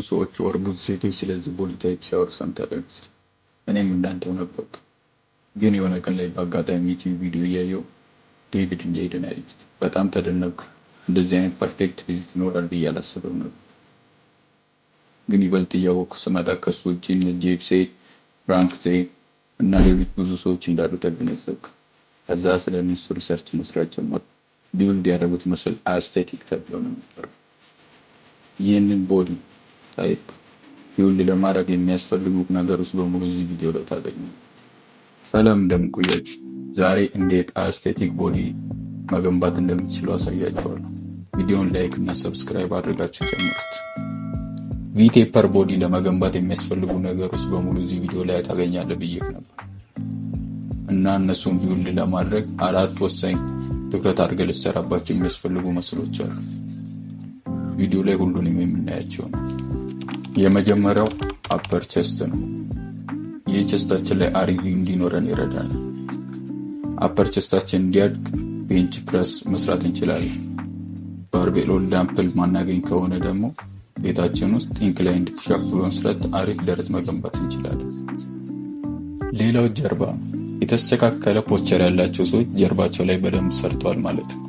ብዙ ሰዎች ወር ብዙ ሴቶች ስለዚህ ፖለቲካ ሲያወሩ ሰምተህ እኔም እንዳንተው ነበርኩ። ግን የሆነ ቀን ላይ በአጋጣሚ ዩቲዩብ ቪዲዮ እያየሁ ዴቪድ እንደሄደን ያየሁት። በጣም ተደነቅኩ። እንደዚህ አይነት ፐርፌክት ቪዚት ይኖራል ብዬ አላስብም ነበር። ግን ይበልጥ እያወቅኩ ስመጣ ከሱ ውጪ እነ ሴ፣ ፍራንክ ዜ እና ሌሎች ብዙ ሰዎች እንዳሉ ተገነዘብኩ። ከዛ ስለ እነሱ ሪሰርች መስራት ጀመርኩ። ቢውልድ ያደረጉት መስል አስቴቲክ ተብሎ ነው የሚጠራው። ይህንን ቦዲ አይጥ ይሁን ለማድረግ የሚያስፈልጉ ነገሮች በሙሉ እዚህ ቪዲዮ ላይ ታገኙ። ሰላም ደምቁያች፣ ዛሬ እንዴት አስቴቲክ ቦዲ መገንባት እንደምትችሉ አሳያችኋለሁ። ቪዲዮን ላይክ እና ሰብስክራይብ አድርጋችሁ ጀምሩት። ቪቴፐር ቦዲ ለመገንባት የሚያስፈልጉ ነገሮች በሙሉ እዚህ ቪዲዮ ላይ ታገኛለ ብዬ ነበር እና እነሱን ቢውልድ ለማድረግ አራት ወሳኝ ትኩረት አድርገ ልትሰራባቸው የሚያስፈልጉ መስሎች አሉ። ቪዲዮ ላይ ሁሉንም የምናያቸው ነው። የመጀመሪያው አፐር ቸስት ነው። ይህ ቸስታችን ላይ አሪቪ እንዲኖረን ይረዳል። አፐር ቸስታችን እንዲያድግ ቤንች ፕረስ መስራት እንችላለን። ባርቤሎን ዳምፕል ማናገኝ ከሆነ ደግሞ ቤታችን ውስጥ ኢንክላይንድ ፑሻፕ በመስራት አሪፍ ደረት መገንባት እንችላለን። ሌላው ጀርባ የተስተካከለ ፖስቸር ያላቸው ሰዎች ጀርባቸው ላይ በደንብ ሰርተዋል ማለት ነው።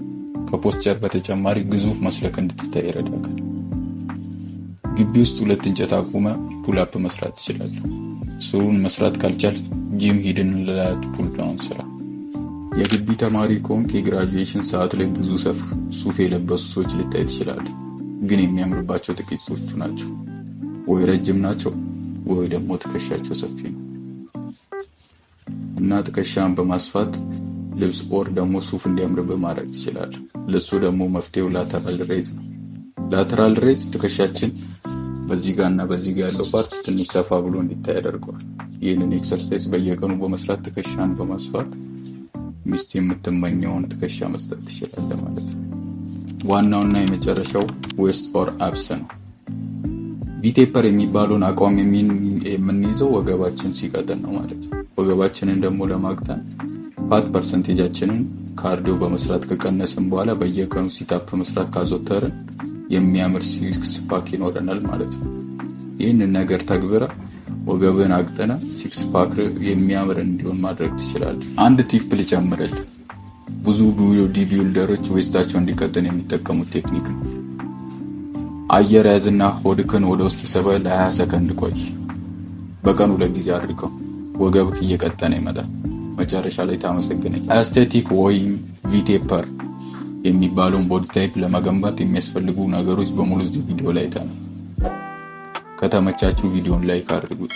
ከፖስቸር በተጨማሪ ግዙፍ መስለክ እንድትታይ ይረዳል። ግቢ ውስጥ ሁለት እንጨት አቁመ ፑላፕ መስራት ትችላለ። ስሩን መስራት ካልቻል ጂም ሂድን ለላት ፑልዳውን ስራ። የግቢ ተማሪ ከሆንክ የግራጁዌሽን ሰዓት ላይ ብዙ ሱፍ የለበሱ ሰዎች ልታይ ትችላለ ግን የሚያምርባቸው ጥቂት ሰዎቹ ናቸው። ወይ ረጅም ናቸው ወይ ደግሞ ትከሻቸው ሰፊ ነው እና ትከሻን በማስፋት ልብስ ኦር ደግሞ ሱፍ እንዲያምርብ ማድረግ ትችላል ለሱ ደግሞ መፍትሄው ላተራል ሬዝ ነው። ላተራል ሬዝ ትከሻችን በዚህ ጋር እና በዚህ ጋር ያለው ፓርት ትንሽ ሰፋ ብሎ እንዲታይ ያደርገዋል። ይህንን ኤክሰርሳይዝ በየቀኑ በመስራት ትከሻን በማስፋት ሚስት የምትመኘውን ትከሻ መስጠት ትችላለ ማለት ነው። ዋናውና የመጨረሻው ዌስት ኦር አብስ ነው። ቢቴፐር የሚባለውን አቋም የምንይዘው ወገባችን ሲቀጥን ነው ማለት ነው። ወገባችንን ደግሞ ለማቅጠን ፓት ፐርሰንቴጃችንን ካርዲዮ በመስራት ከቀነስን በኋላ በየቀኑ ሲታፕ መስራት ካዘወተርን የሚያምር ሲክስ ፓክ ይኖረናል ማለት ነው። ይህንን ነገር ተግብረ ወገብን አግጠነ ሲክስ ፓክ የሚያምር እንዲሆን ማድረግ ትችላለህ። አንድ ቲፕ ልጨምረል። ብዙ ቦዲ ቢልደሮች ዌስታቸው እንዲቀጥን የሚጠቀሙት ቴክኒክ ነው። አየር ያዝና ሆድክን ወደ ውስጥ ስበ ለ20 ሰከንድ ቆይ። በቀን ሁለት ጊዜ አድርገው። ወገብህ እየቀጠነ ይመጣል። መጨረሻ ላይ ታመሰግነኝ። አስቴቲክ ወይም ቪቴፐር የሚባለውን ቦዲ ታይፕ ለመገንባት የሚያስፈልጉ ነገሮች በሙሉ እዚህ ቪዲዮ ላይ አይተናል። ከተመቻችሁ ቪዲዮን ላይክ አድርጉት።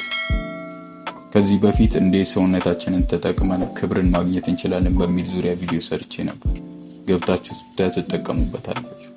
ከዚህ በፊት እንዴት ሰውነታችንን ተጠቅመን ክብርን ማግኘት እንችላለን በሚል ዙሪያ ቪዲዮ ሰርቼ ነበር። ገብታችሁ ስታዩ ትጠቀሙበታላችሁ።